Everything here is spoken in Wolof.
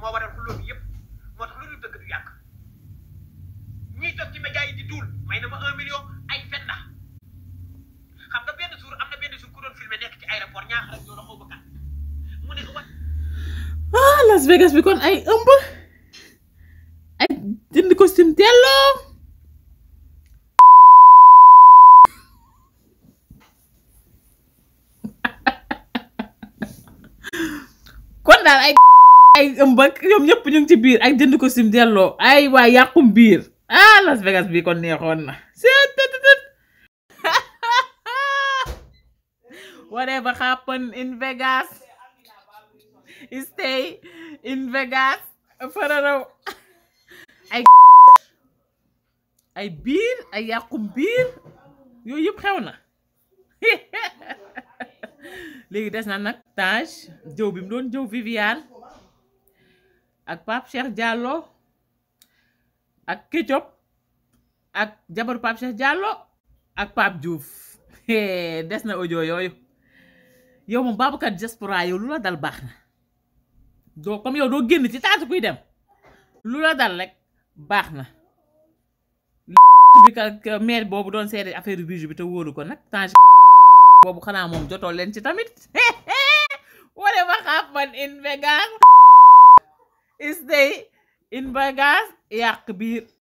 moo waral xuloo bi moo tax lu dul dëgg du yàgg ñiy toog ci média di duul may na ma un million ay fen xam nga benn jour am na benn jour ku doon nekk ci aéroport ñaaxal ak ñoo la xaw ba kan ah, Las Vegas bi kon ay ëmb ay jënd costume teeloo kon daal ay ay ëmb ak ñoom ngi ci biir ay jënd ko sim delloo ay waa yàqum biir ah Las Vegas bi kon neexoon na whatever happen in Vegas stay in Vegas fararaw ay ay biir ay yàqum biir yooyu yëpp xew na léegi des na nag Tange jëw bi mu doon jëw Viviane ak Pape Cheikh Diallo ak Ketchup ak jabaru Pape Cheikh Diallo ak Pape juuf des na ojo yooyu yow moom Babacar Diaspora yow lu la dal baax na doo comme yow doo génn ci taatu kuy dem lu la dal rek baax na bi ka maire boobu doon seede affaire bijou bi te wóolu ko nag tange boobu xanaa moom jotoo leen ci tamit wala ma xaaf in vegan stay in bagages yàq biir